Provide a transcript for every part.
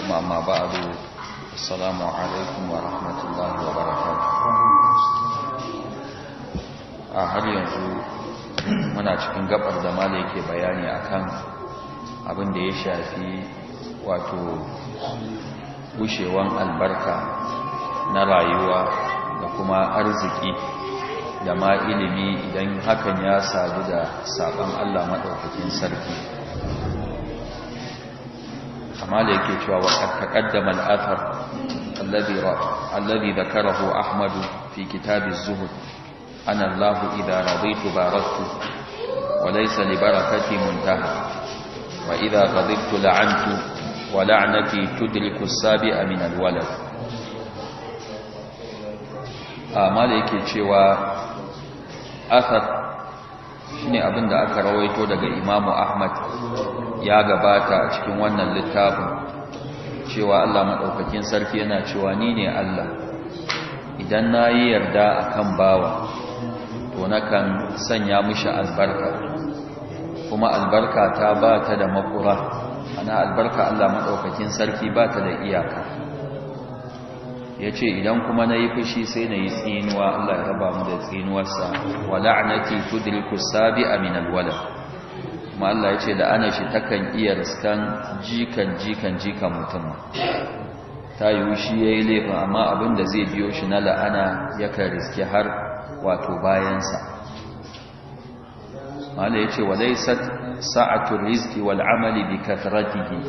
ثم أما بعد السلام عليكم a har yanzu muna cikin gabar da malai ke bayani akan abin da ya shafi wato gushewan albarka na rayuwa da kuma arziki da ma ilimi idan hakan ya sadu da sabon Allah maɗaukakin sarki مالك يكي وقد تقدم الأثر الذي الذي ذكره أحمد في كتاب الزهد أنا الله إذا رضيت باركت وليس لبركتي منتهى وإذا غضبت لعنت ولعنتي تدرك السابئ من الولد آه، مالك يكي أثر shine abin da aka rawaito daga imamu ahmad ya gabata a cikin wannan littafin cewa allah maɗaukakin sarki yana cewa ni ne allah idan na yi yarda a kan bawa to nakan sanya mishi albarka kuma albarka ta ba ta da makura ana albarka allah maɗaukakin sarki ba ta da iyaka ya ce idan kuma na yi fushi sai na yi tsinuwa Allah ya raba mu da tsinuwarsa wa la'anati tudriku sabi'a min alwala kuma Allah ya ce da ana shi takan iya riskan jikan jikan jikan mutum ta yi shi yayi laifin amma abin da zai biyo shi na la'ana kan riske har wato bayansa Allah ya ce wa laisat sa'atu rizqi wal amali bi kathratihi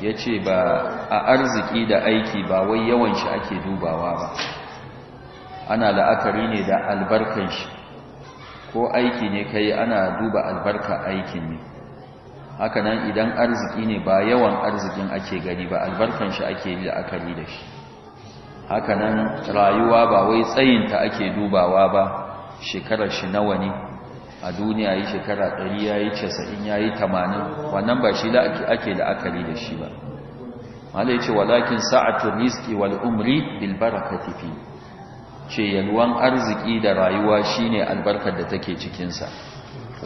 ya ce ba a arziki da aiki ba wai yawan shi ake dubawa ba ana la'akari ne da albarkan shi ko aiki ne kai ana duba albarka aikin ne hakanan idan arziki ne ba yawan arzikin ake gani ba albarkar shi ake yi la'akari da shi hakanan rayuwa ba wai tsayinta ake dubawa ba shekarar shi nawa ne a duniya yi shekara 100 yayi 90 yi tamanin. wannan ba shi da ake la'akari da shi ba mala ce walakin sa'atu riski wal umri bil barakati fi ce yalwan arziki da rayuwa shine albarkar da take cikinsa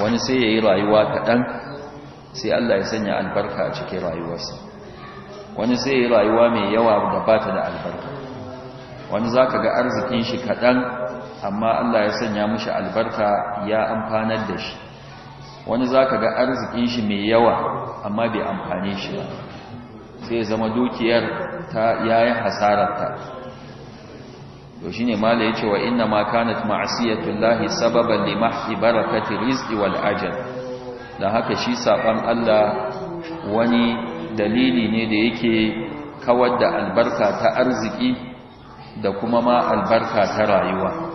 wani sai ya yi rayuwa kaɗan, sai Allah ya sanya albarka a cikin rayuwarsa wani sai ya yi rayuwa mai yawa da bata da albarka wani za ka ga arzikin shi kaɗan? amma Allah ya sanya mushi albarka ya amfanar da shi wani ka ga arzikin shi mai yawa amma bai amfani shi ba sai zama dukiyar ta yayin hasararta to ne mala yace wa inna ma kanat ma'siyatullahi sababan li mahfi barakati rizqi wal ajal da haka shi saban Allah wani dalili ne da yake kawar da albarka ta arziki da kuma ma albarka ta rayuwa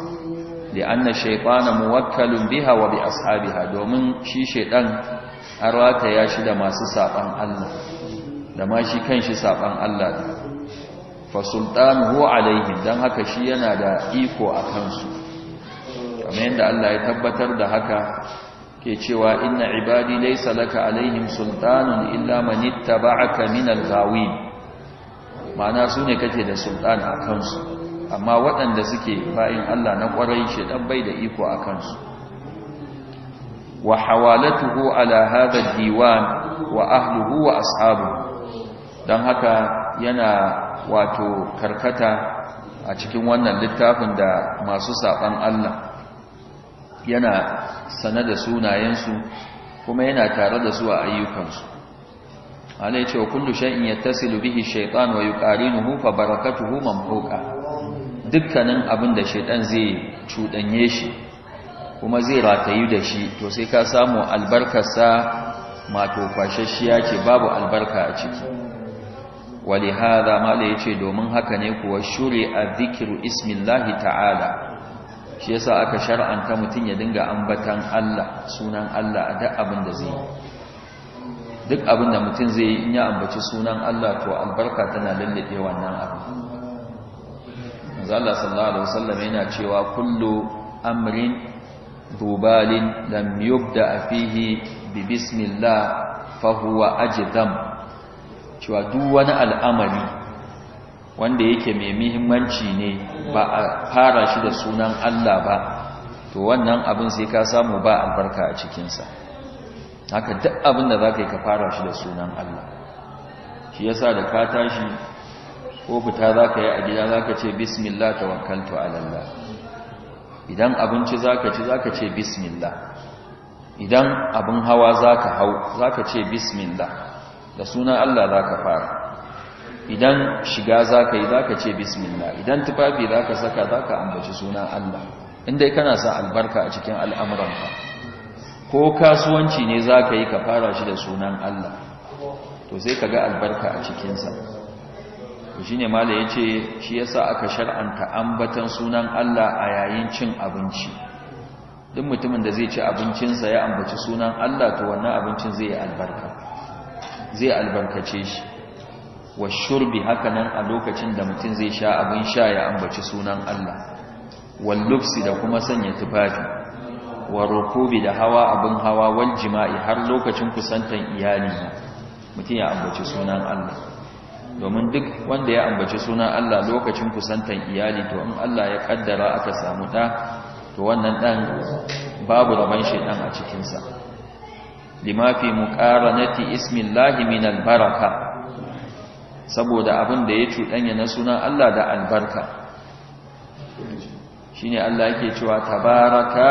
li'anna shaytana muwakkalun biha wa bi ashabiha domin shi shaytan arwata ya shi da masu saban Allah da ma shi kanshi saban Allah fa sultanuhu alaihim dan haka shi yana da iko a kansu kamar yadda Allah ya tabbatar da haka ke cewa inna ibadi laysa laka alaihim sultanun illa man ittaba'aka min al-ghawin ma'ana sune kake da sultan a kansu amma waɗanda suke bayin Allah na ƙwarai ɗan bai da iko a kansu wa hawalatuhu ala hadha diwan wa ahluhu wa ashabu don haka yana wato karkata a cikin wannan littafin da masu saɓan Allah yana sane da sunayensu kuma yana tare da su a ayyukansu ana ya ce wa kullu shay'in yattasilu bihi shaytan wa yuqarinuhu fa barakatuhu mamhuka dukkanin abin da shaidan zai cuɗanye shi kuma zai ratayu da shi to sai ka samu albarkarsa mato kwashashiya ce babu albarka a ciki wali hada mala ya ce domin haka ne kuwa shuri a zikiru ismillahi ta'ala shi yasa aka shar'anta mutum ya dinga ambatan Allah sunan Allah a duk abin da zai duk abin da mutum zai yi in ya ambaci sunan Allah to albarka tana lallabe wannan abin manzo sallallahu alaihi wasallam yana cewa kullu amrin dubalin lam yubda fihi bi bismillah fa huwa ajdam cewa duk wani al'amari wanda yake mai muhimmanci ne ba a fara shi da sunan Allah ba to wannan abin sai ka samu ba albarka a cikinsa haka duk abin da za ka yi ka fara shi da sunan Allah shi yasa da ka tashi ko fita za ka yi a gida za ka ce bismillah wakanta a lalla, idan abinci za ka ci za ka ce bismillah idan abin hawa za ka hau za ka ce bismillah da suna Allah za ka fara idan shiga za ka yi za ka ce bismillah idan tufafi za ka saka za ka ambaci suna Allah inda kana sa albarka a cikin al'amuranka ko kasuwanci ne za ka yi ka fara shi da sunan Allah to sai ka ga albarka a cikinsa to shine ya ce shi ya sa aka shar'anta ambatan sunan Allah a yayin cin abinci duk mutumin da zai ci abincinsa ya ambaci sunan Allah to wannan abincin zai albarka zai albarkace shi wa shurbi nan a lokacin da mutum zai sha abin sha ya ambaci sunan Allah wal da kuma sanya tufafi wa rukubi da hawa abin hawa wal jima'i har lokacin kusantan iyali mutum ya ambaci sunan Allah domin duk wanda ya ambaci sunan Allah lokacin kusantan iyali to in Allah ya kaddara aka samu ɗa to wannan ɗan babu rabon shaidan a cikinsa lima fi nati, ismillahi min albaraka saboda abin da ya cuɗanya na sunan Allah da albarka shine Allah yake cewa tabaraka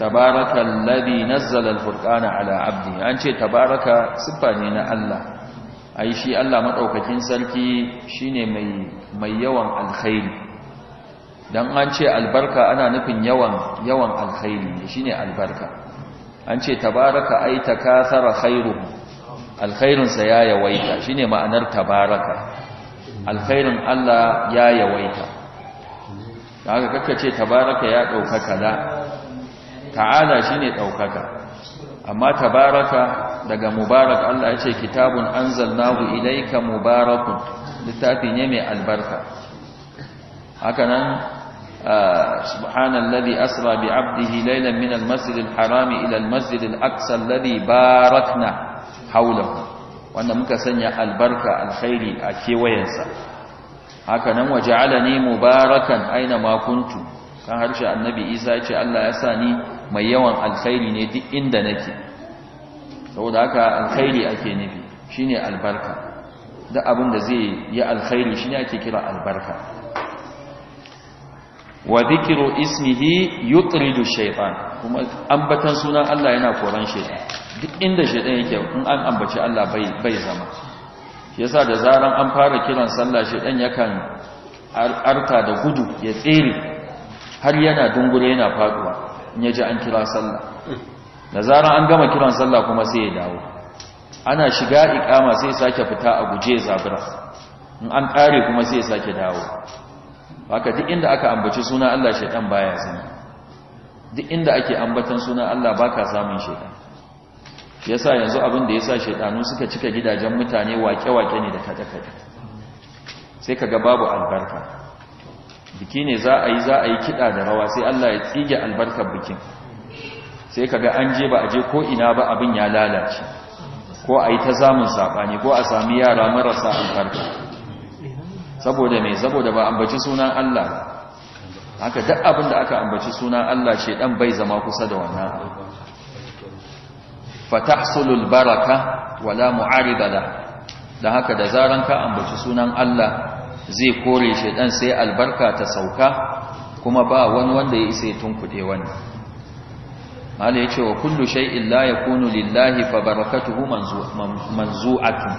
tabaraka alladhi nazzala alfurqana ala abdi an ce tabaraka siffa ne na Allah ai shi Allah maɗaukakin sarki shine mai mai yawan alkhairi dan an ce albarka ana nufin yawan yawan alkhairi ne albarka an ce tabaraka ai ta khairu alkhairin ya yawaita shine ma'anar tabaraka alkhairin Allah ya yawaita haka kaka ce tabaraka ya ɗaukaka da ta'ala shine ɗaukaka. amma tabaraka daga mubarak Allah ce kitabun anzalnahu ilaika mubarakun littafi ne mai albarka hakanan nan ah, subhanallazi asra bi 'abdihi laylan min al-masjid al-harami ila al-masjid al-aqsa alladhi barakna hawlahu wanda muka sanya albarka alkhairi a kewayensa hakanan nan waja'alani mubarakan aina ma kuntu kan harshe annabi Isa ya ce Allah ya sa ni mai yawan alkhairi ne duk inda nake saboda haka alkhairi ake nufi shine albarka duk abin da zai yi alkhairi shine ake kira albarka wa dhikru ismihi yutridu shaytan kuma ambatan sunan Allah yana koran shaytan duk inda shaytan yake in an ambaci Allah bai bai zama shi yasa da zaran an fara kiran sallah shaytan yakan arka da gudu ya tsere har yana dungure yana faduwa in yaji an kira sallah da zarar an gama kiran sallah kuma sai ya dawo ana shiga ikama sai sake fita a guje zabira in an kare kuma sai sake dawo haka duk inda aka ambaci suna Allah shaitan baya sani duk inda ake ambatan suna Allah baka samun shaitan yasa yanzu abin da yasa shaitanu suka cika gidajen mutane wake-wake ne da kada-kada sai kaga babu albarka biki ne za a yi za a yi kida da rawa sai Allah ya tsige albarkar bikin sai ka ga an je ba a je ko ina ba abin ya lalace ko a yi ta zamun saɓani ko a sami yara marasa albarka saboda mai saboda ba ambaci sunan Allah haka duk abin da aka ambaci sunan Allah shedan bai zama kusa da wannan fatahsulul baraka wala muaridala. Da haka da zaran ka ambaci sunan Allah zai kore shedan sai albarka ta sauka kuma ba wani wanda ya isa ya tunkuɗe wani. Allah ya ce wa kullu shay'in la yakunu lillahi fa barakatuhu manzu'atun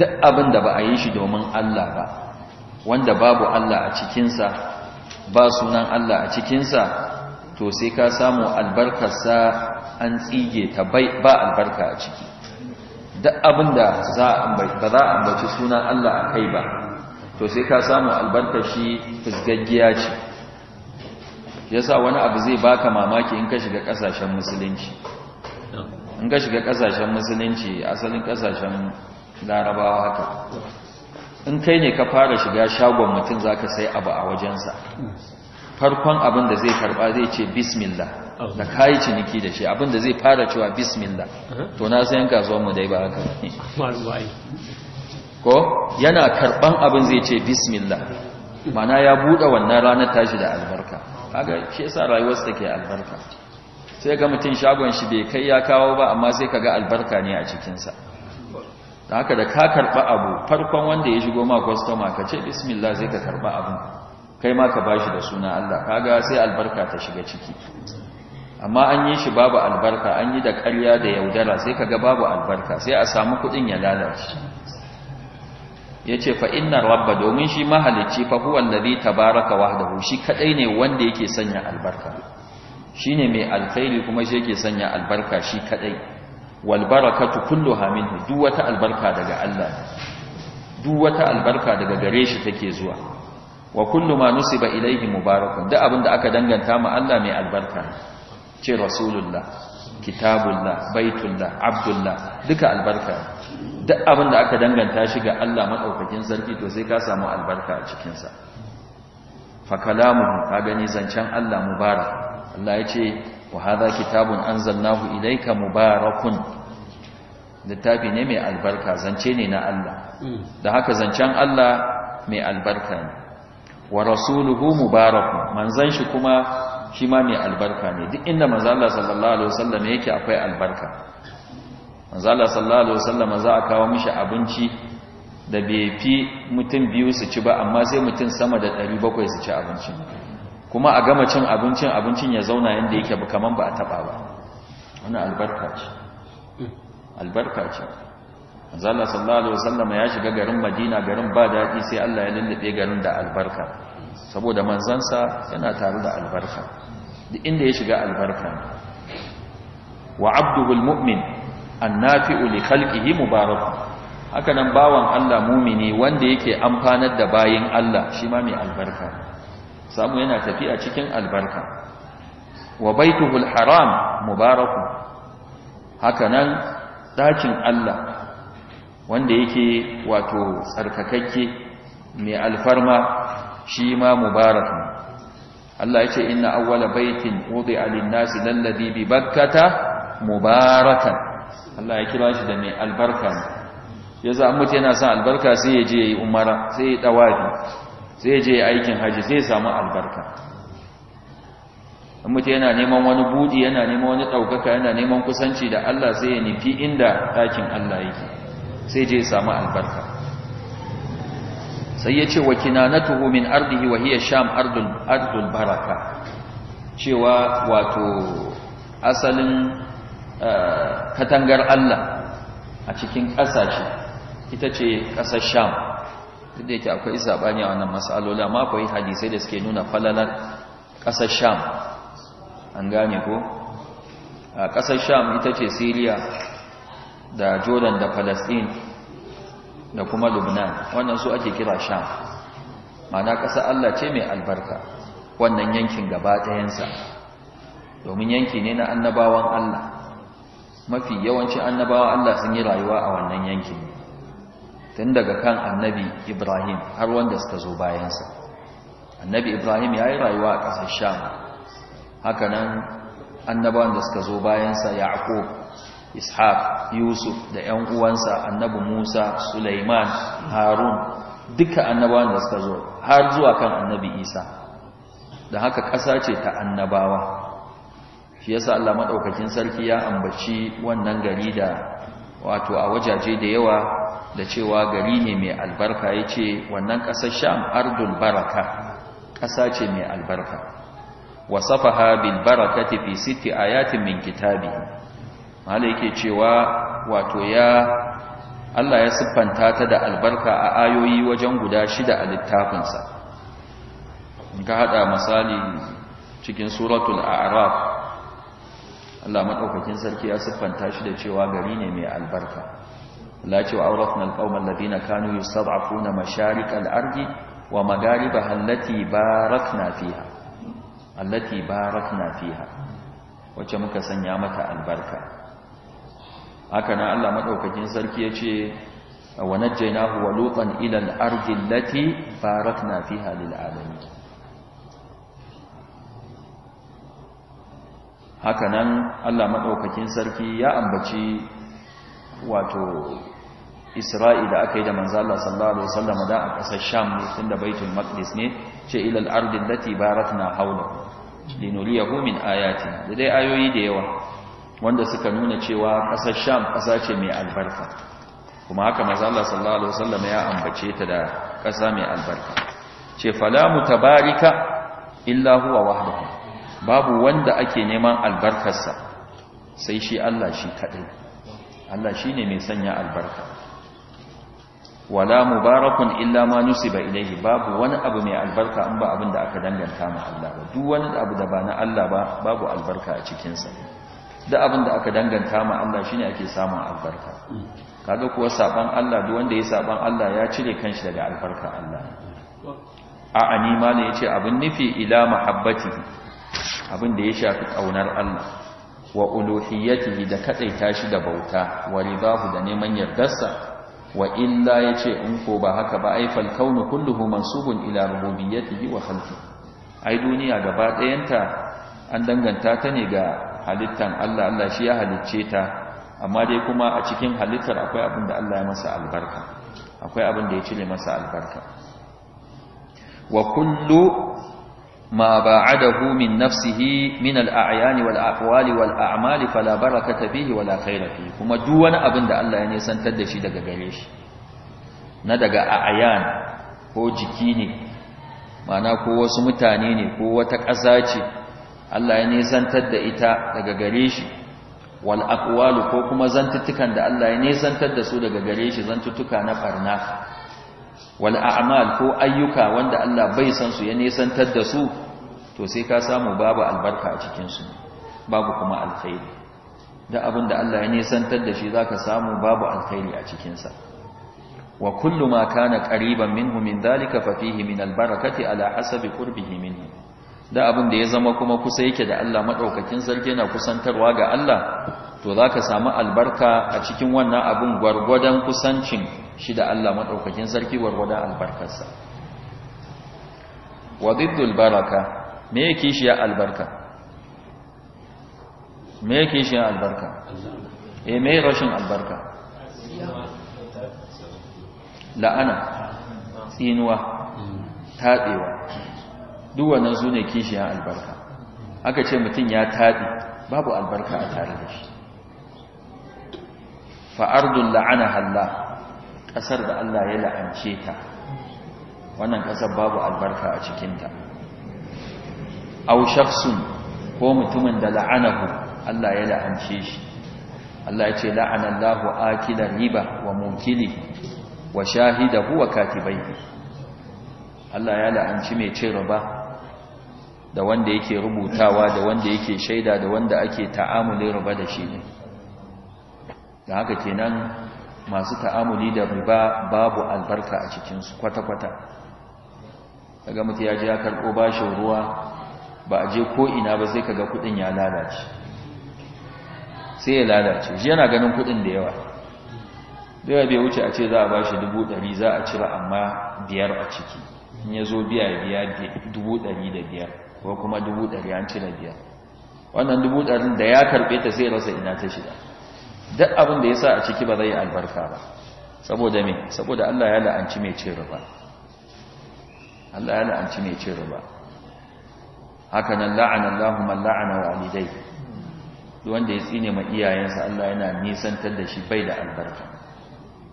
duk abin da ba a yi shi domin Allah ba wanda babu Allah a cikinsa ba sunan Allah a cikinsa to sai ka samu albarkar sa an tsige ta ba albarka a ciki duk abin da ba za a ambaci sunan Allah a kai ba to sai ka samu albarkar shi fisgaggiya ce yasa wani abu zai baka mamaki in ka shiga kasashen musulunci in ka shiga kasashen musulunci asalin kasashen larabawa haka in kai ne ka fara shiga shagon mutum zaka sai abu a wajensa farkon abin da zai karba zai ce bismillah da kayi ciniki da shi abin da zai fara cewa bismillah to na sayan kasuwar mu dai ba haka ko yana karban abin zai ce bismillah mana ya bude wannan ranar tashi da kaga shi yasa rayuwarsa take albarka sai ga mutum shagon shi bai kai ya kawo ba amma sai kaga albarka ne a cikinsa da haka da ka karba abu farkon wanda ya shigo ma customer ka ce bismillah sai ka karba abu kai ma ka bashi da suna Allah kaga sai albarka ta shiga ciki amma an yi shi babu albarka an yi da ƙarya da yaudara sai kaga babu albarka sai a samu kuɗin ya lalace ya fa inna rabba domin shi mahalicci fa huwa allazi tabaraka wahdahu shi kadai ne wanda yake sanya albarka shine mai alkhairi kuma shi yake sanya albarka shi kadai walbarakatu barakatu kulluha minhu duk wata albarka daga Allah duk wata albarka daga gare shi take zuwa wa kullu ma nusiba ilayhi mubarakun duk abinda aka danganta ma Allah mai albarka ce rasulullah kitabullah baitullah abdullah duka albarka duk abin da aka danganta shi ga Allah maɗaukakin sarki to sai ka samu albarka a cikinsa. sa fa ka gani zancen Allah mubarak Allah ya ce wa hadha kitabun anzalnahu ilaika mubarakun littafi ne mai albarka zance ne na Allah da haka zancen Allah mai albarka ne wa rasuluhu mubarakun manzon shi kuma shi ma mai albarka ne duk inda manzo Allah sallallahu alaihi wasallam yake akwai albarka manzo Allah sallallahu alaihi wasallam za a kawo mishi abinci da bai fi mutum biyu su ci ba amma sai mutum sama da 700 su ci abincin kuma a gama cin abincin abincin ya zauna yanda yake ba kaman ba a taba ba wannan albarka ce albarka ce manzo Allah sallallahu alaihi wasallam ya shiga garin Madina garin ba daɗi sai Allah ya lullube garin da albarka saboda manzansa yana tare da albarka duk inda ya shiga albarka wa abduhul mu'min annafi'u uli khalqihi mubarak haka nan bawan Allah mumini wanda yake amfanar da bayin Allah shi ma mai albarka samu yana tafiya cikin albarka wa baituhul haram mubaraku. haka nan Allah wanda yake wato tsarkakakke mai alfarma shi ma mubarak Allah ya ce inna awwala baitin wudi'a lin-nasi lalladhi bi bakkata mubarakan Allah ya kira shi da mai albarka ya za mutu yana son albarka sai ya je ya yi umara sai ya ɗawafi sai ya je ya aikin haji sai ya samu albarka mutu yana neman wani buɗi yana neman wani ɗaukaka yana neman kusanci da Allah sai ya nufi inda ɗakin Allah yake sai je ya samu albarka sai ya ce wa kinanatuhu min ardihi wa hiya sham ardul ardul baraka cewa wato asalin Eh, katangar Allah a cikin ƙasashe ita ce ƙasar sham da yake akwai saɓani a wannan matsaloli ma akwai hadisai da suke nuna falalar ƙasar sham an gane ko a ƙasar sham ita ce siriya da jordan da palestine da kuma lubnan wannan su ake kira sham mana ƙasar allah ce mai albarka wannan yankin gaba ɗayansa domin yanki ne na annabawan allah mafi yawancin annabawa Allah sun yi rayuwa a wannan yankin tun daga kan annabi Ibrahim har wanda suka zo bayansa annabi Ibrahim ya yi rayuwa a ƙasar Sham haka nan annabawan da suka zo bayansa Yaqub Ishaq Yusuf da ƴan uwansa annabi Musa Suleiman, Harun duka annabawan da suka zo har zuwa kan annabi Isa da haka ƙasa ce ta annabawa shi yasa Allah madaukakin sarki ya ambaci wannan gari da wato a wajaje da yawa da cewa gari ne mai albarka yace wannan kasar Sham ardul baraka kasa ce mai albarka wasafaha bil barakati fi sitti ayatin min kitabi mala yake cewa wato ya Allah ya siffanta ta da albarka a ayoyi wajen guda shida a littafinsa ka hada misali cikin suratul a'raf Allah maɗaukakin sarki ya siffanta shi da cewa gari ne mai albarka Allah ce wa awratna alqauman ladina kanu yustad'afuna masharik al-ardi wa magaribaha allati barakna fiha allati na fiha wacce muka sanya mata albarka haka na Allah maɗaukakin sarki ya ce wa najjaynahu wa lutan ila al-ardi allati barakna fiha lil hakanan Allah maɗaukakin sarki ya ambaci wato isra'i da aka yi da Manzala Allah sallallahu da a ƙasar sham ne tunda baitul maqdis ne ce ilal ardin lati baratna hawla linuriyahu min ayati da dai ayoyi da yawa wanda suka nuna cewa ƙasar sham ƙasa ce mai albarka kuma haka Manzala sallallahu ya ambace ta da ƙasa mai albarka ce fala Tabarika. illa huwa wahdahu babu wanda ake neman albarkarsa sai shi Allah shi kaɗai Allah shi ne mai sanya albarka wala mubarakun illa ma nusiba ilaihi babu wani abu mai albarka in ba abin da aka danganta ma Allah ba duk wani abu da ba na Allah ba babu albarka a cikinsa duk abin da aka danganta ma Allah shine ake samun albarka kaga kuwa saban Allah duk wanda ya saban Allah ya cire kanshi daga albarka Allah a'ani ma ne yace abin nufi ila mahabbati abin da ya shafi ƙaunar Allah wa uluhiyyatihi da kadaita shi da bauta wa ridahu da neman yardarsa wa illa yace in ko ba haka ba ai fal kaunu kulluhu mansubun ila rububiyyatihi wa khalqi ai duniya gaba ɗayanta an danganta ta ne ga halittan Allah Allah shi ya halicce ta amma dai kuma a cikin halittar akwai abin da Allah ya masa albarka akwai abin da ya cire masa albarka wa kullu ما باعده من نفسه من الاعيان والاحوال والاعمال فلا بركه به ولا خير فيه kuma duk wani abin da Allah ya nisantar da shi daga gare shi na daga a'yan ko jiki ne mana ko wasu mutane ne ko wata ƙasa ce Allah ya nisantar da ita daga gare shi wal aqwal ko kuma zantutukan da Allah ya nisantar da su daga gare shi zantutuka na ɓarna. wal a'mal ko ayyuka wanda Allah bai san su ya nesantar da su to sai ka samu babu albarka a cikinsu babu kuma alkhairi da abin da Allah ya nisantar da shi zaka samu babu alkhairi a cikinsa. wa kullu ma kana qariban minhu min dalika fa fihi min albarakati ala hasabi qurbihi minhu da abin da ya zama kuma kusa yake da Allah madaukakin sarki yana kusantarwa ga Allah to zaka samu albarka a cikin wannan abin gwargwadon kusancin shi da Allah madaukakin sarki warwada albarkarsa wadiddul baraka me yake shi ya albarka me yake shi ya albarka eh me rashin albarka la'ana tsinuwa taɗewa duk wannan su ne kishiyar albarka aka ce mutum ya taɗi babu albarka a tare da shi fa'ardun la'ana halla ƙasar da Allah ya la'ance ta wannan ƙasar babu albarka a cikinta ta. shakhsun ko mutumin da la'anahu Allah ya la'ance shi Allah ya ce la'ana Allahu akila riba wa mukili wa shahidahu wa katibai. Allah ya la'anci mai ce riba da wanda yake rubutawa da wanda yake shaida da wanda ake ta'amulin riba da shi ne da haka kenan masu ta'amuli da riba babu albarka a cikinsu kwata-kwata daga mutu ya ji ya karɓo bashin ruwa ba a je ko'ina ba sai kaga kudin ya lalace sai ya lalace shi yana ganin kudin da yawa da yawa bai wuce a ce za a ba shi dari za a cira amma biyar a ciki in ya zo biya biya dari da biyar ko kuma dari an cire biyar wannan dari da ya karbe ta sai rasa ina ta shida duk abin da ya sa a ciki ba zai albarka ba saboda me saboda Allah ya la'anci mai cin riba Allah ya la'anci mai cin riba haka nan la'ana Allahu man la'ana walidai duk wanda ya tsine ma iyayensa Allah yana nisantar da shi bai da albarka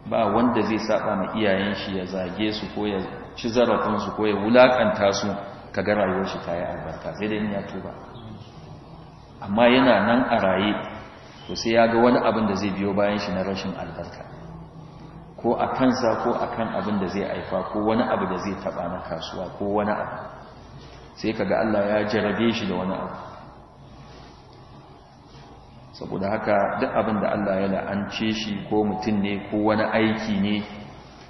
ba wanda zai saba ma iyayen shi ya zage su ko ya ci zarafin su ko ya wulakanta su kaga rayuwar shi ta yi albarka sai dai in ya tuba amma yana nan a raye to sai ya ga wani abin da zai biyo bayan shi na rashin albarka ko a kansa ko a kan abin da zai aifa ko wani abu da zai taba na kasuwa ko wani abu sai kaga Allah ya jarabe shi da wani abu saboda haka duk abin da Allah ya la'ance shi ko mutum ne ko wani aiki ne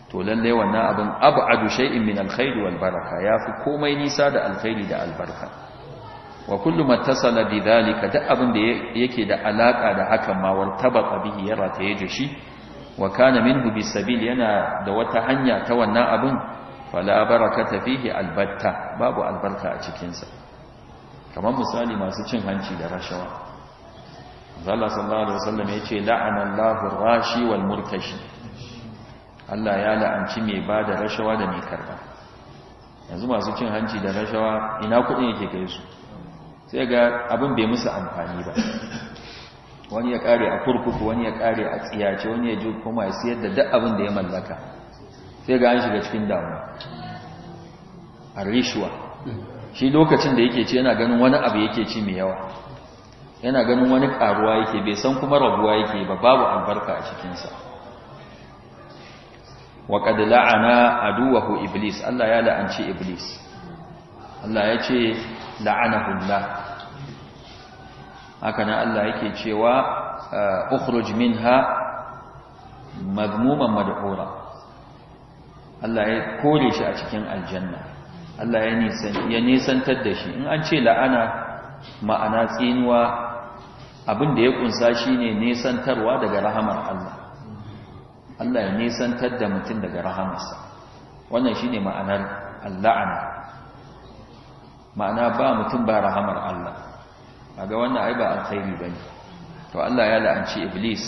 to lallai wannan abin adu shay'in min alkhairi wal baraka fi komai nisa da alkhairi da albarka wa kullu mattasala bi dhalika duk abin da yake da alaka da hakan ma wartabaqa bihi ya rataye da shi wa kana minhu bi sabil yana da wata hanya ta wannan abin fala barakata fihi albatta babu albarka a cikin sa kamar misali masu cin hanci da rashawa Allah sallallahu alaihi wasallam yace la'ana Allahu rashi wal murtashi Allah ya la'anci mai bada rashawa da mai karba yanzu masu cin hanci da rashawa ina kudin yake kai su sai ga abin bai musu amfani ba wani ya kare a kurkuku wani ya kare a tsiyace wani ya ji kuma ya siyar da duk abin da ya mallaka sai ga an shiga cikin damuwa a rishuwa shi lokacin da yake ci yana ganin wani abu yake ci mai yawa yana ganin wani karuwa yake bai san kuma rabuwa yake ba babu albarka a cikinsa wa qad la'ana aduwahu iblis Allah ya la'anci iblis Allah ya ce la'anahullah haka nan Allah yake cewa ah, ukhruj minha madmuman madhura Allah ya kore shi a cikin aljanna Allah ya nisan ya nisantar da shi in an ce la'ana ma'ana tsinuwa abin da ya kunsa shine nisantarwa daga rahamar Allah Allah ya nisantar da mutum daga rahamarsa wannan shine ma'anar laana ma'ana ba mutum ba rahamar Allah ga wannan ai ba alkhairi ne to Allah ya la'anci iblis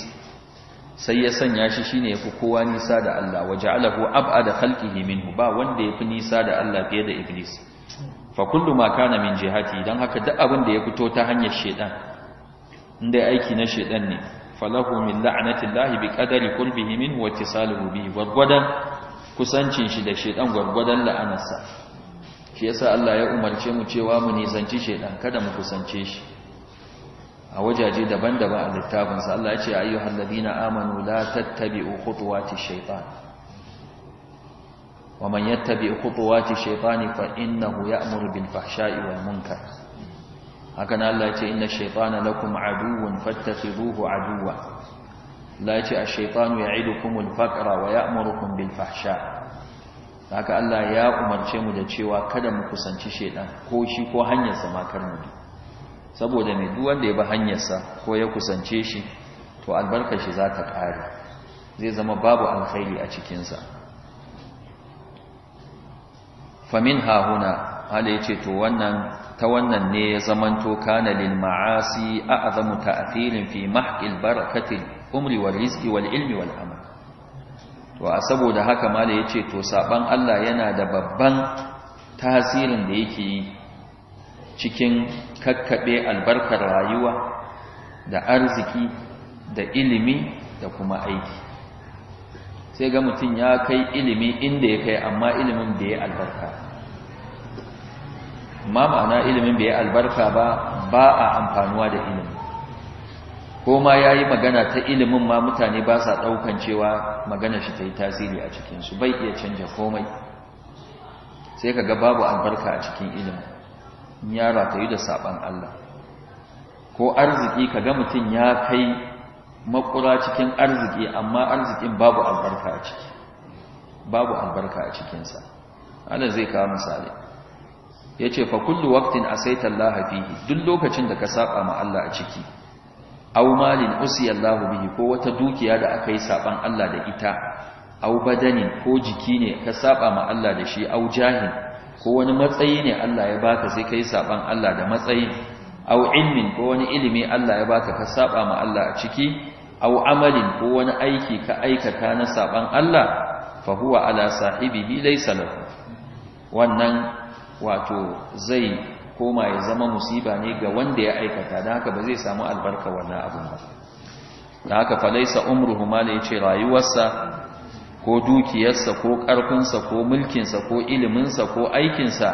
sai ya sanya shi shine yafi kowa nisa da Allah waja'alahu ab'ada khalqihi minhu ba wanda ya fi nisa da Allah fiye da iblis fa kullu ma kana min jihati dan haka duk abin da ya fito ta hanyar shedan inda aiki na shedan ne falahu min la'natillahi biqadari qurbihi minhu wa salihu bihi gwargwadon kusancin shi da shedan gwargwadon la'anarsa shi yasa Allah ya umarce mu cewa mu nisanci shedan kada mu kusance shi a wajaje daban-daban a littafin sa Allah ya ce ayyuhal ladina amanu la tattabi'u khutuwati shaytan wa man yattabi' khutuwati shaytani fa innahu ya'muru bil fahsha'i wal munkar haka nan Allah ya ce inna shaytana lakum aduwwun fattakhidhuhu aduwwa la ya ce ash-shaytanu ya'idukum al-faqra wa ya'murukum bil fahsha'i haka Allah ya umarce mu da cewa kada mu kusanci shedan ko shi ko hanyarsa ma kar mu bi saboda mai duk wanda ya bi hanyarsa ko ya kusance shi to albarkar shi za ta ƙare zai zama babu alkhairi a cikinsa famin hahuna hala ya ce to wannan ta wannan ne ya zamanto kana lil ma'asi a'zamu ta'thirin fi mahqil barakatil umri wal rizqi wal ilmi wal amal to a saboda haka ma da ya ce to saban Allah yana da babban tasirin da yake yi cikin kakkaɓe albarkar rayuwa da arziki da ilimi da kuma aiki sai ga mutum ya kai ilimi inda ya kai amma ilimin da ya albarka ma ma'ana ilimin da ya albarka ba ba a amfanuwa da ilimi ko ma ya yi magana ta ilimin ma mutane ba sa ɗaukan cewa magana shi ta yi tasiri a cikinsu bai iya canja komai sai ka ga babu albarka a cikin ilimin in yara ta yi da saɓan Allah ko arziki ka ga mutum ya kai makura cikin arziki amma arzikin babu albarka a ciki babu albarka a cikinsa ana zai kawo misali ya ce fa kullu waktin a Allah fihi duk lokacin da ka saba ma Allah a ciki aw malin usiyallahu bihi ko wata dukiya da aka yi saban Allah da ita aw badanin ko jiki ne ka saba ma Allah da shi aw jahin ko wani matsayi ne Allah ya baka sai kai saban Allah da matsayin aw ilmin ko wani ilimi Allah ya baka ka saba ma Allah a ciki aw amalin ko wani aiki ka aikata na saban Allah fa huwa ala sahibihi laysa lahu wannan wato zai koma ya zama musiba ne ga wanda ya aikata da haka ba zai samu albarka wannan abin ba da haka falaisa umruhu ma da yace rayuwarsa ko dukiyarsa ko karfinsa ko mulkinsa ko iliminsa ko aikinsa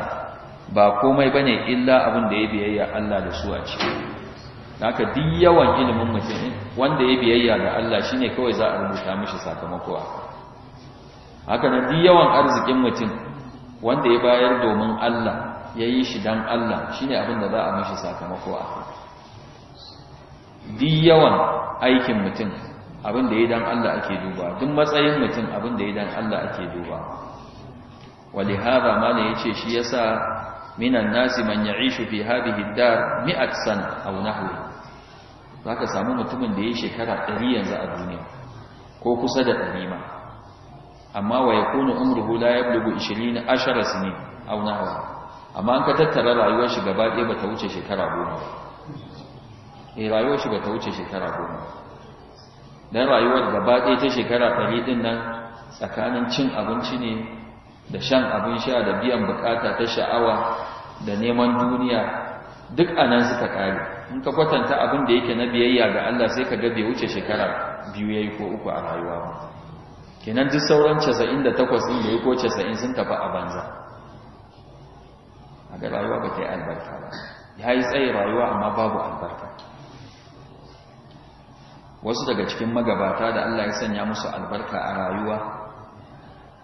ba komai bane illa abin da ya biyayya Allah da su a ciki da haka duk yawan ilimin mutum wanda ya biyayya ga Allah shine kawai za a rubuta mishi sakamako a haka nan duk yawan arzikin mutum wanda ya bayar domin Allah ya yi shi don Allah shi ne abinda za a mashi sakamako a duk yawan aikin mutum abinda ya don Allah ake duba duk matsayin mutum abinda ya don Allah ake duba wali haɗa ya ce shi ya sa minan nasi man ya ishu fi haɗihi dar mi'at sana a wunahuwa za ka samu mutumin da ya yi shekara ɗari yanzu a duniya ko kusa da ɗari ma amma wa ya kuna umruhu la ya bulugu 20 ashara sinin a wunahuwa amma an ka tattara rayuwar shi gaba ɗaya ba ta wuce shekara goma ba eh, rayuwar shi ba ta wuce shekara goma don rayuwar gaba ɗaya ta shekara ɗari ɗin nan tsakanin cin abinci ne da shan abin sha da biyan bukata ta sha'awa da neman duniya duk anan suka kare in ka kwatanta abin da yake na biyayya ga Allah sai ka ga bai wuce shekara biyu yayi ko uku a rayuwa ba kenan duk sauran 98 din da yake ko 90 sun tafi a banza ga rayuwa ba ta yi albarka ba ya yi tsaye rayuwa amma babu albarka wasu daga cikin magabata da Allah ya sanya musu albarka a rayuwa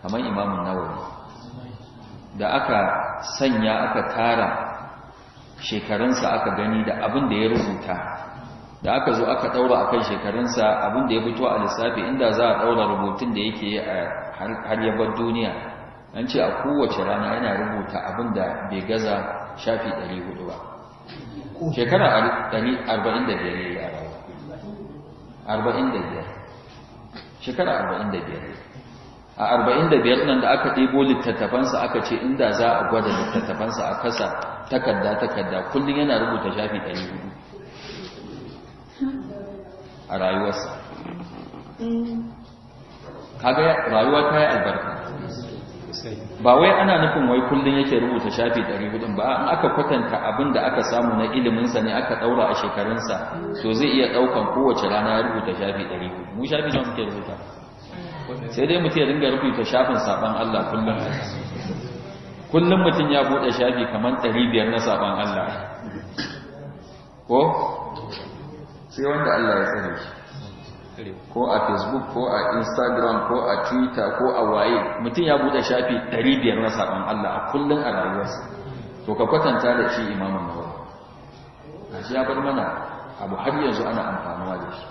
kamar imamun nawawi da aka sanya aka tara shekarunsa aka gani da abin da ya rubuta da aka zo aka daura kan shekarunsa abin da ya fito a lissafi inda za a ɗaura rubutun da yake yi a har ya bar duniya an ce a kowace rana yana rubuta abin da bai gaza shafi 400 ba shekara 45 ne ya rawa 45 shekara 45 a 45 nan da aka ɗebo littattafansa aka ce inda za a gwada littattafansa a kasa takarda takarda kullum yana rubuta shafi 400 a rayuwarsa kaga rayuwa ta yi albarka ba wai ana nufin wai kullum yake rubuta shafi 400 ba in aka kwatanta abin da aka samu na iliminsa ne aka daura a shekarunsa to zai iya daukan kowace rana ya rubuta shafi 400 mu shafi nawa muke rubuta sai dai mutum ya dinga rubuta shafin saban Allah kullum kullum mutum ya bude shafi kamar 500 na saban Allah ko sai wanda Allah ya tsare shi ko a facebook ko a instagram ko a twitter ko a waye mutum ya bude shafi 500 na sabon Allah a kullun a rayuwarsa to ka kwatanta da shi imamun nawawi shi ya bar mana abu har yanzu ana amfanuwa da shi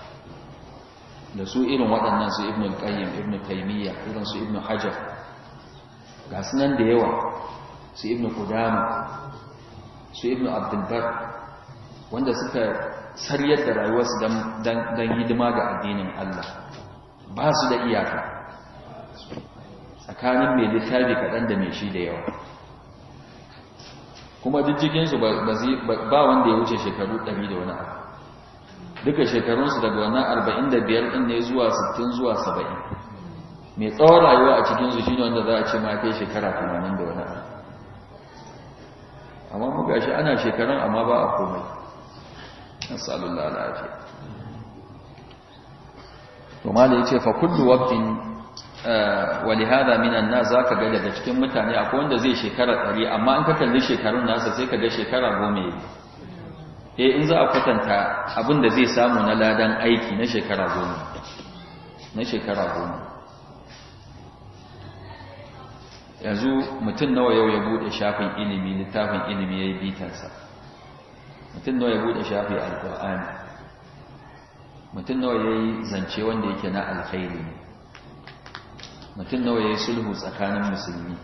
da su irin waɗannan su ibnu qayyim ibnu taymiya irin su ibnu hajar ga sunan da yawa su ibnu qudama su ibnu abdul bar wanda suka sariyar da rayuwarsu don hidima ga addinin Allah ba su da iyaka tsakanin mai littafi kaɗan da mai shi da yawa kuma duk jikinsu ba wanda ya wuce shekaru ɗari da wani abu duka shekarunsu daga wani arba'in da biyar ɗin ne zuwa sittin zuwa saba'in mai tsawon rayuwa a cikinsu shi ne wanda za a ce ma kai shekara tamanin da wani abu amma muka shi ana shekarun amma ba a komai nasallallahu alaihi to mala yace fa kullu waqtin eh, walihada minan na zaka ga daga cikin mutane akwai wanda zai shekara 100 amma an ka kalli shekarun nasa sai ka ga shekara 10 eh in za a kwatanta abin da zai samu na ladan aiki na shekara 10 na shekara 10 yanzu mutum nawa yau ya bude shafin ilimi littafin ilimi yayi bitansa mutum nawa ya bude shafi alkur'ani mutum nawa ya yi zance wanda yake na alkhairi mutum nawa ya yi sulhu tsakanin musulmi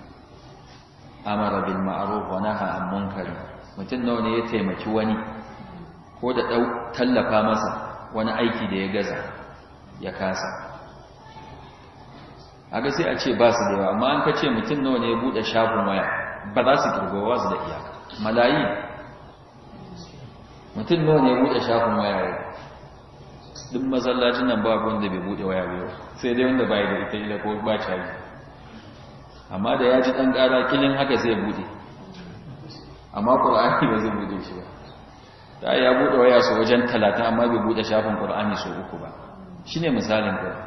amara bil ma'ruf wa naha an mutum nawa ne ya taimaki wani ko da tallafa masa wani aiki da ya gaza ya kasa haka sai a ce ba su da yawa amma an kace mutum nawa ne ya bude shafin waya ba za su kirgo su da iyaka malayi mutum nawa ne ya buɗe shafin wayaye duk masallacin nan babu wanda bai buɗe waya ba sai dai wanda bai da ita ila ko ba cari amma da ya ji ɗan ƙara kilin haka zai buɗe amma ƙur'ani ba zai buɗe shi ba Ta ya buɗe waya su wajen talatin amma bai buɗe shafin ƙur'ani su uku ba shi ne misalin ƙura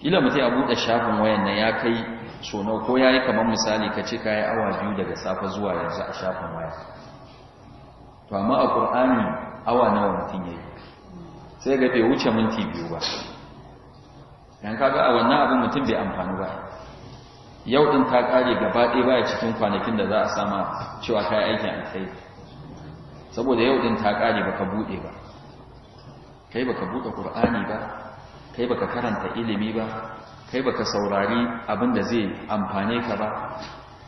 ila mutum ya buɗe shafin wayan nan ya kai so ko ya yi kamar misali ka ce ka yi awa biyu daga safe zuwa yanzu a shafin waya Ba a Kur'ani awa nawa mutum yi. sai ga bai wuce minti biyu ba dan kaga a wannan abin mutum bai amfani ba yau ɗin ta ƙare gaba ɗaya baya cikin kwanakin da za a sama cewa yi aikin alkhairi saboda yau ɗin ta ƙare ba ka bude ba kai ba ka buɗe ƙur'ani ba kai ba ka karanta ilimi ba kai ba ka saurari abin da zai amfane ka ba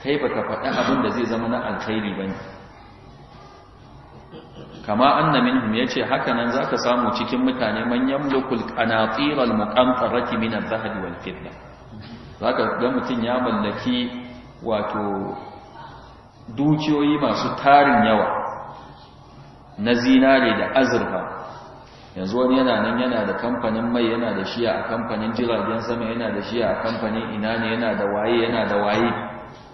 kai ba ka faɗi abin da zai zama na alkhairi ba ne. kama anna minhum yace hakanan za zaka samu cikin mutane man yamlukul qanatir al muqantarati min al zahab wal fidda zaka ga mutun ya mallaki wato dukiyoyi masu tarin yawa na zinare da azurfa yanzu wani yana nan yana da kamfanin mai yana da shiya a kamfanin jiragen sama yana da shiya a kamfanin ina ne yana da waye yana da waye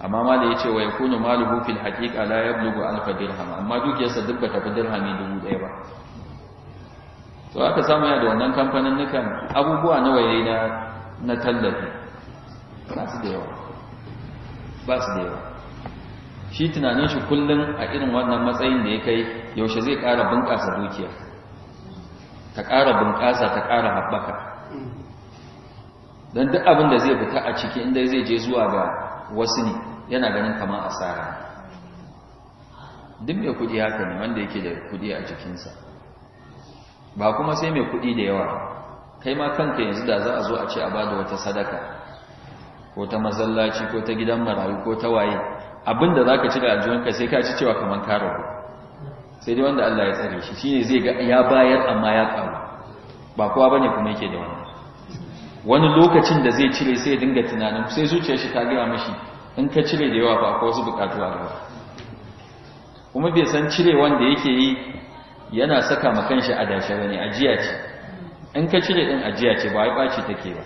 amma ma da ce wa ya kuna malu hufin haqiqa la bugu alfa dirham amma dukiyarsa duk bata fi dirhami dubu ɗaya ba to aka samu ya da wannan kamfanin nukan abubuwa nawa waye na na tallafi ba su da yawa ba su da yawa shi tunanin shi kullum a irin wannan matsayin da ya kai yaushe zai ƙara bunƙasa dukiya ta ƙara bunƙasa ta ƙara haɓaka don duk abin da zai fita a ciki inda zai je zuwa ga wasu ne yana ganin kaman asara duk mai kudi haka ne wanda yake da kudi a jikinsa ba kuma sai mai kudi da yawa kai ma kanka yanzu da za a zo a ce a bada wata sadaka ko ta masallaci ko ta gidan marayu ko ta waye abinda ka ci da aljihunka sai ka ci cewa kamar ka rabu sai dai wanda Allah ya tsare shi shine zai ga ya bayar amma ya karu ba kowa bane kuma yake da wani wani lokacin da zai cire sai dinga tunanin sai zuciyar shi ta gaya mashi in ka cire da yawa ba ko wasu bukatu a ba. kuma bai san cire wanda yake yi yana saka ma kanshi a dashe bane ajiya ce in ka cire din ajiya ce ba ɓaci baci take ba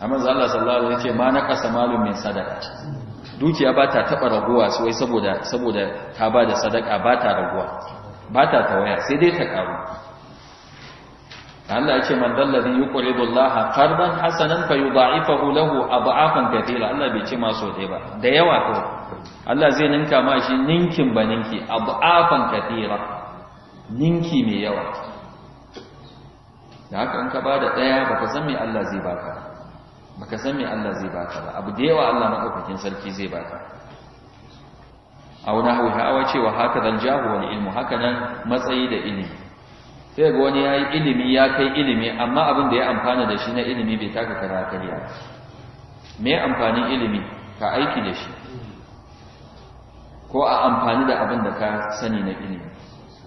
amma zan Allah sallallahu alaihi wasallam ce ma naqasa malun min sadaqa dukiya ba ta taba raguwa sai saboda saboda ta ba da sadaka ba ta raguwa ba ta tawaya sai dai ta karu Allah ya yake man dalladhi yuqridu Allah qardan hasanan fayudha'ifahu lahu ad'afan katira Allah bai ce ma so dai ba da yawa ko Allah zai ninka ma shi ninkin ba ninki ad'afan katira ninki mai yawa da haka in ka bada daya baka san me Allah zai baka baka san me Allah zai baka ba abu da yawa Allah madaukakin sarki zai baka a wani hawa cewa haka zan jahu wani ilmu haka nan matsayi da ilimi sai ga wani ya yi ilimi ya kai ilimi amma abin da ya amfana da shi na ilimi bai taka kara karya me amfanin ilimi ka aiki da shi ko a amfani da abin da ka sani na ilimi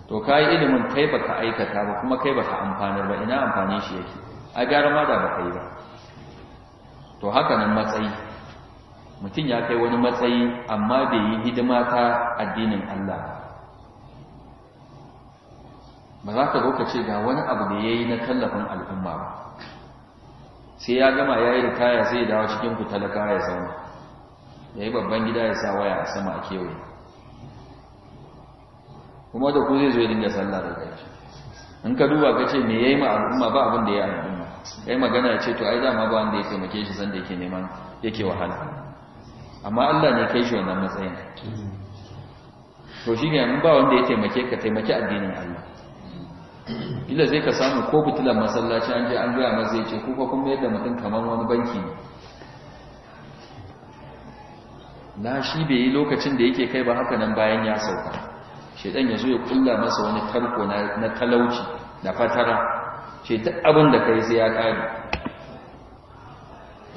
to ka yi ilimin kai ba ka aikata ba kuma kai ba ka amfanar ba ina amfanin shi yake a gyara ma da ba ka yi ba to haka nan matsayi mutum ya kai wani matsayi amma bai yi hidima ta addinin Allah ba ba za ka zo ka ce ga wani abu da ya yi na tallafin al'umma ba sai ya gama ya yi rikaya sai ya dawo cikin ku talaka ya zauna ya yi babban gida ya sa waya a sama a kewaye kuma da ku zai zo ya dinga sallah da gaji in ka duba ka ce me ya yi ma al'umma ba abin da ya yi al'umma ya yi magana ya ce to ai dama ba wanda ya taimake shi sanda yake neman yake wahala amma Allah ne kai shi wannan matsayin to shi ne ba wanda ya taimake ka taimaki addinin Allah ila zai ka samu ko fitilan masallaci an je an gaya ma zai ce ko kuma yadda mutum kamar wani banki na shi bai yi lokacin da yake kai ba haka nan bayan ya sauka shaidan ya zo ya kulla masa wani tarko na talauci da fatara ce duk abin da kai sai ya kare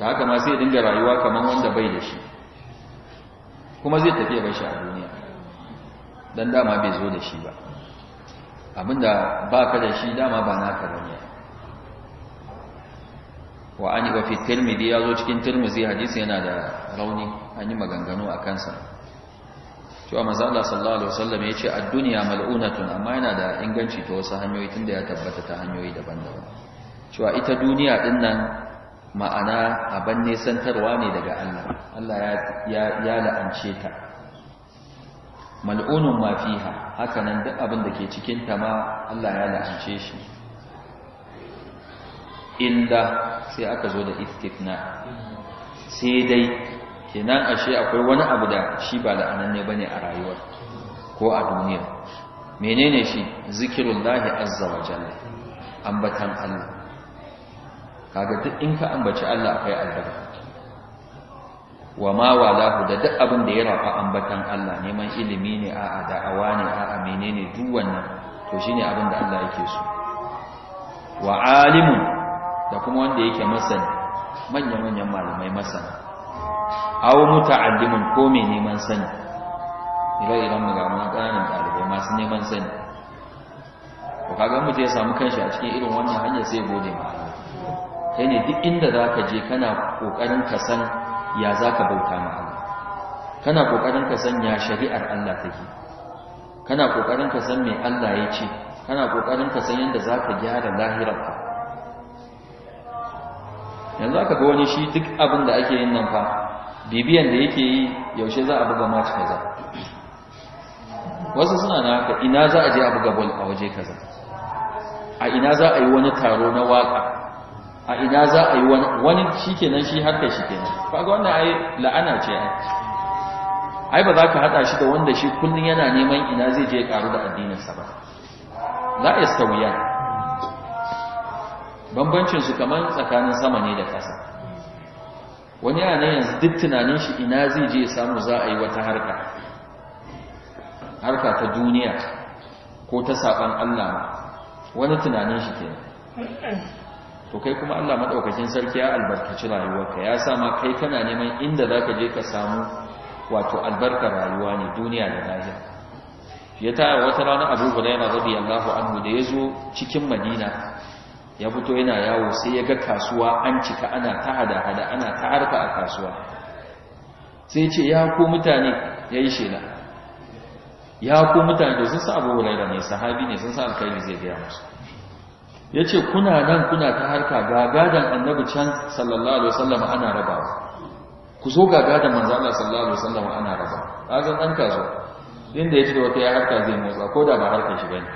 da haka ma sai dinga rayuwa kamar wanda bai da shi kuma zai tafiya bai shi a duniya dan dama bai zo da shi ba abinda ba ka da shi dama ba ka ne wa an yi wafi tilmidi ya zo cikin tilmizi hadisi yana da rauni an yi maganganu a kansa cewa maza Allah sallallahu alaihi wasallam ya ce a duniya mal'unatun amma yana da inganci ta wasu hanyoyi tunda ya tabbata ta hanyoyi daban-daban cewa ita duniya din nan ma'ana abin nesantarwa ne daga Allah Allah ya la'ance ta mal'unun mafiha fiha haka nan duk abin da ke cikin ta ma Allah ya la'ance shi Inda sai aka zo da istithna sai dai kenan ashe akwai wani abu da shi ba la'ananne bane a rayuwar ko a duniya menene shi Lahi azza wa jalla ambatan Allah kaga duk in ka ambaci Allah akwai albarka wa ma walahu da duk abin da ya rafa ambatan Allah neman ilimi ne a'a da'awa ne a'a menene duk wannan to shine abin da Allah yake so wa alimun da kuma wanda yake masani manya-manyan malamai masana aw muta'allimun ko mai neman sani ire-iren magana ƙananan ɗalibai masu neman sani to kaga mu ya samu kanshi a cikin irin wannan hanyar sai gode ma kai ne duk inda zaka je kana kokarin ka san ya za ka bauta ma Allah kana ƙoƙarin ka san ya shari'ar Allah take kana ƙoƙarin ka san me Allah ya ce kana ƙoƙarin ka san yadda za ka gyara lahirarka yanzu aka ga wani shi duk abin da ake yin nan fa bibiyan da yake yi yaushe za a buga match kaza wasu suna na haka ina za a je a buga bol a waje kaza a ina za a yi wani taro na waka a ina za a yi wani shi shi harka shi kenan wannan ai la'ana ce ai ba za ka hada shi da wanda shi kullun yana neman ina zai je karu da addininsa ba ba a sauya. bambancin su kamar tsakanin sama ne da ƙasa wani yana yanzu duk tunanin shi ina zai je samu za a yi wata harka harka ta duniya ko ta saban Allah wani tunanin shi kenan to kai kuma Allah madaukakin sarki ya albarkaci rayuwarka ya sa ma kai kana neman inda zaka je ka samu wato albarkar rayuwa ne duniya da lahira ya ta wata rana Abu Hurairah radiyallahu anhu da yazo cikin Madina ya fito yana yawo sai ya ga kasuwa an cika ana ta hada-hada ana ta harka a kasuwa sai ce ya ku mutane yayi shela ya ku mutane da sun sa abu Hurairah ne sahabi ne sun sa alkairi zai gaya musu ya ce kuna nan kuna ta harka ga gadon annabi can sallallahu alaihi wasallam ana rabawa ku zo ga gadon manzo Allah sallallahu alaihi wasallam ana rabawa zan dan kazo inda ya da wata ya harka zai motsa ko da ba harkar shi bane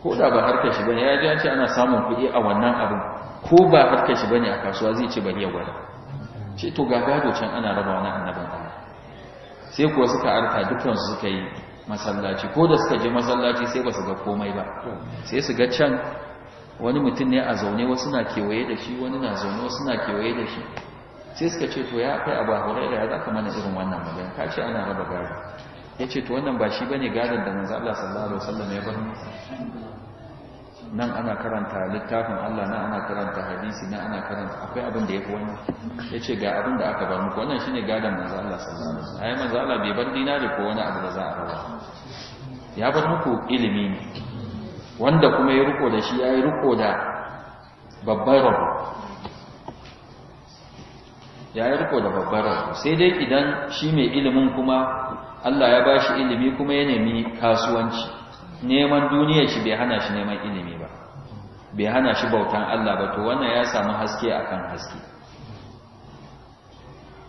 ko da ba harkar shi bane ya ji an ce ana samun kuɗi a wannan abin ko ba harkar shi bane a kasuwa zai ce bari ya gwada ce to ga gado can ana rabawa na annabin Allah sai kuwa suka arka su suka yi masallaci ko da suka je masallaci sai ba su ga komai ba sai su ga can wani mutum ne a zaune wasu na kewaye da shi wani na zaune wasu na kewaye da shi sai suka ce to ya kai abu da ya zaka mana irin wannan magana ka ce ana raba gada ya ce to wannan ba shi ba ne gadon da manzo Allah sallallahu alaihi wasallam ya bar nan ana karanta littafin Allah nan ana karanta hadisi nan ana karanta akwai abin da yafi wani Ya ce ga abin da aka ba muku wannan shine gadon manzo Allah sallallahu alaihi wasallam ai manzo Allah bai bar dinari ko wani abu da za a rawa ya bar muku ilimi ne wanda kuma ya riko da shi ya yi riko da babbar rabu ya yi riko da babbar rabu sai dai idan shi mai ilimin kuma Allah ya bashi ilimi kuma ya nemi kasuwanci neman duniya shi bai hana shi neman ilimi ba bai hana shi bautan Allah ba to wannan ya samu haske akan haske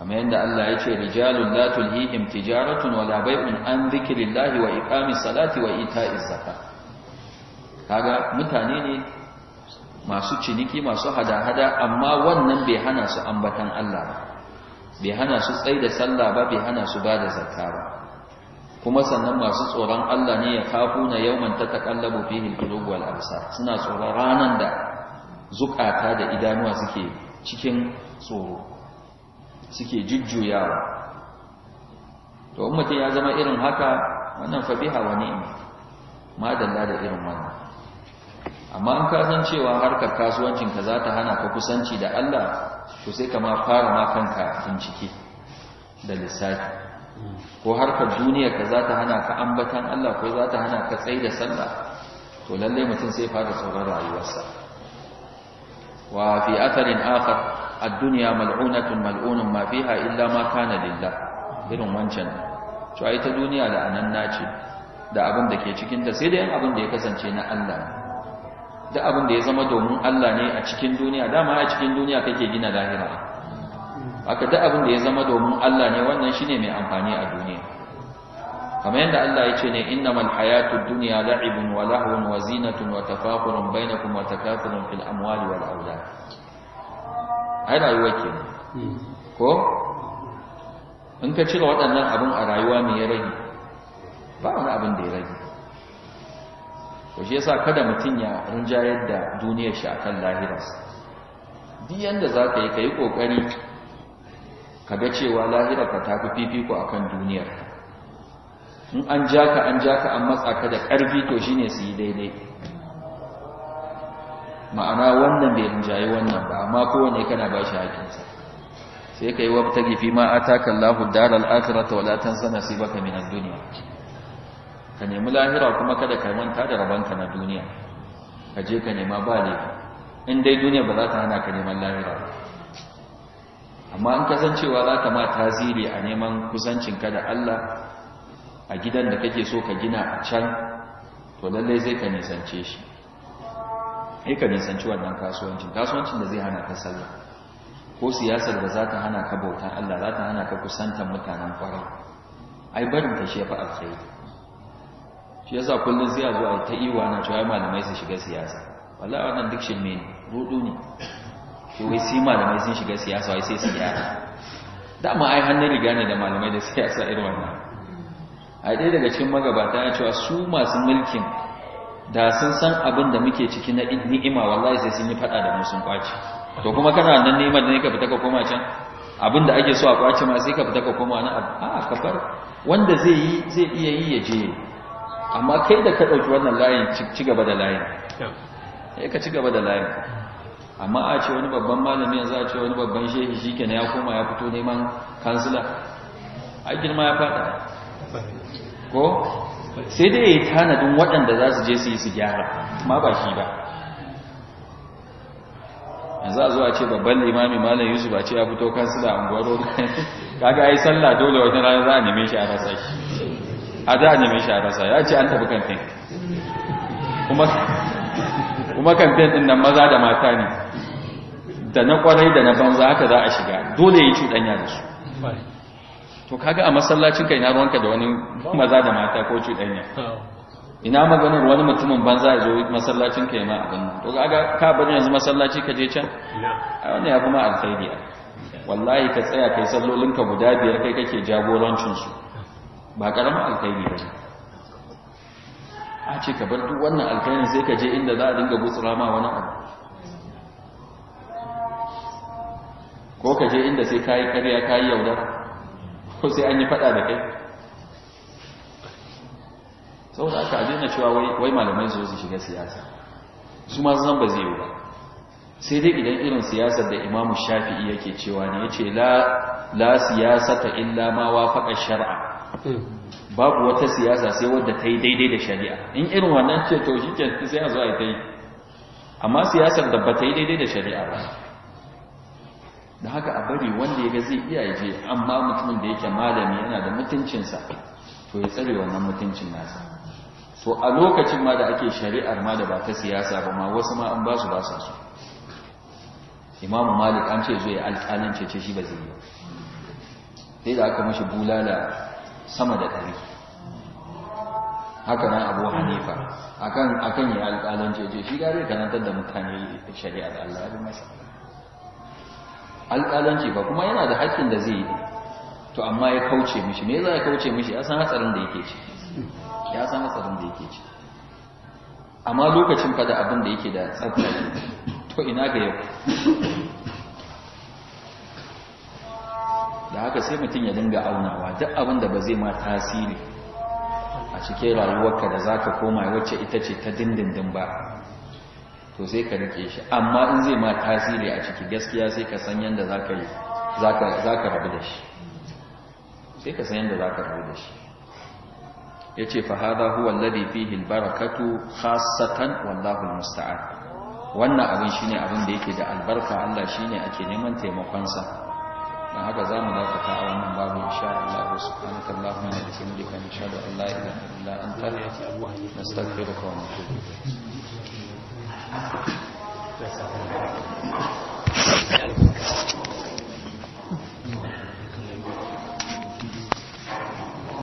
kamar yadda Allah ya ce rijalun la tulhihim tijaratun wala bai'un an dhikrillahi wa iqamis salati wa ita'iz zakat kaga mutane ne masu ciniki masu hada-hada amma wannan bai hana su ambatan Allah ba bai hana su da sallah ba bai hana su bada zakka ba kuma sannan masu tsoron Allah ne ya kafu na yawman ta takallabu fihi al-qulub suna tsoron ranar da zukata da idanuwa suke cikin tsoro suke jujjuyawa to in mutum ya zama irin haka wannan fabiha wa ni'ma madalla da irin wannan amma in kasan cewa harkar kasuwancin ka za ta hana ka kusanci da Allah to sai ka ma fara ma kanka bincike da lissafi ko harkar duniya ka za ta hana ka ambatan Allah ko za ta hana ka tsaye da sallah to lallai mutum sai fara sauran rayuwarsa wa fi atharin akhar ad-dunya mal'unatun mal'unun ma fiha illa ma kana lillah irin wancan to ai ta duniya da anan nace da abin da ke cikin ta sai da yan abin da ya kasance na Allah da abin da ya zama domin Allah ne a cikin duniya dama a cikin duniya kake gina lahira haka duk abin da ya zama domin Allah ne wannan shine mai amfani a duniya kamar yadda Allah ya ce ne innamal hayatud dunya la'ibun wa lahwun wa zinatun wa tafakurun bainakum wa takathurun fil amwali wal awlad ai rayuwa ke ko in ka cire waɗannan abin a rayuwa me ya rage ba wani abin da ya rage ko shi yasa kada mutum ya rinjayar da duniyar shi akan lahirarsa duk yadda za ka yi ka yi ƙoƙari Ka ga cewa lahira ka tafi fifiko akan duniyar in an ja ka, an ja ka, an matsa ka da ƙarfi to shine su yi daidai ma'ana wannan bai rinjayi wannan ba amma kowane kana ba shi hakinsa sai ka yi wata gifi ma a takan lahu dalar ta walatan sana sai baka minan duniya ka nemi lahira kuma kada ka manta da rabanka na duniya ka je ka nema ba ne in dai duniya ba za ta hana ka neman lahira ba amma in kasancewa za ka ma taziri a neman kusancinka da Allah a gidan da kake so ka gina a can to lallai zai ka nisance shi sai ka nisanci wannan kasuwancin kasuwancin da zai hana ka sallah ko siyasar da za ta hana ka bautan Allah za ta hana ka kusantar mutanen kwarai ai barin ta shefa tsaye shi yasa kullum zai zo a ta iwa na cewa malamai su shiga siyasa wallahi wannan duk shirme ne rudu ne shi wai sai malamai sun shiga siyasa wai sai siyasa dama ai hannun riga ne da malamai da siyasa irin wannan a ɗaya daga cikin magabata ya cewa su masu mulkin da sun san abin da muke ciki na ni'ima wallahi sai sun yi faɗa da mu sun kwace to kuma kana nan neman da ka fita ka koma can abin da ake so a kwace ma sai ka fita ka koma na a kafar wanda zai yi zai iya yi ya je amma kai da ka ɗauki wannan layin ci gaba da layin ka ci gaba da layin amma a ce wani babban malami yanzu a ce wani babban shehi na ya koma ya fito neman kansila a girma ya fada ko sai dai ya tanadin waɗanda za su je su yi su gyara ma ba shi ba yanzu a zuwa ce babban limami malam yusuf a ce ya fito kansila a gwaro kaga ai sallah dole wajen rana za a neme shi a rasa shi a za a neme shi a rasa ya ce an tafi kamfen. kuma kamfen ɗin nan maza da mata ne da na kwarai da na banza haka za a shiga dole ya cuɗanya da su to kaga a masallacin kai na ruwanka da wani maza da mata ko cuɗanya ina maganar wani mutumin banza ya zo masallacin kai ma abin to kaga ka bari yanzu masallaci ka je can a wannan ya ma alkhairi wallahi ka tsaya kai sallolinka guda biyar kai kake jagorancin su ba karamin alkhairi ba a ce ka bar duk wannan alkhairin sai ka je inda za a dinga gutsura ma wani abu ko ka je inda sai kayi karya kayi yaudar? ko sai an yi fada da kai Sau da aka adina cewa wai malamai su su shiga siyasa su ma zan ba zai yi ba sai dai idan irin siyasar da imamu shafi'i yake cewa ne ya ce la siyasata illa ma faɗa shari'a babu wata siyasa sai wadda ta yi daidai da shari'a in irin wannan ce to shi ke sai a zo a yi ta yi amma siyasar da ba ta yi daidai da shari'a ba da haka a bari wanda ya ga zai iya yaje amma mutumin da yake malami yana da mutuncinsa to ya tsare wannan mutuncin nasa to a lokacin ma da ake shari'ar ma da ba ta siyasa ba ma wasu ma an ba su ba su imamu malik an ce zo ya alƙalin cece shi ba zai yi sai da aka mashi bulala sama da ɗari haka nan abu hanifa akan akan ya alƙalin cece shi gari karantar da mutane shari'ar allah ya masa alƙalanci ba kuma yana da haƙƙin da zai yi to amma ya kauce mishi me za ya kauce mishi ya san hatsarin da yake ci, ya san hatsarin da yake ci. amma lokacin fa da abin da yake da tsafta to ina ga yau da haka sai mutum ya dinga aunawa duk abin da ba zai ma tasiri a cikin rayuwarka da zaka koma wacce ita ce ta dindindin ba to sai ka rike shi amma in zai ma tasiri a ciki gaskiya sai ka san yadda za ka yi rabu da shi sai ka san yadda za ka rabu da shi ya ce fahada huwa ladi fihi albarakatu khassatan wallahu almusta'an wannan abin shine abin da yake da albarka Allah shine ake neman taimakonsa dan haka zamu dakata a wannan babu insha Allah subhanaka allahumma wa bihamdika nashhadu an la ilaha illa anta nastaghfiruka wa natubu ilayk Thank you.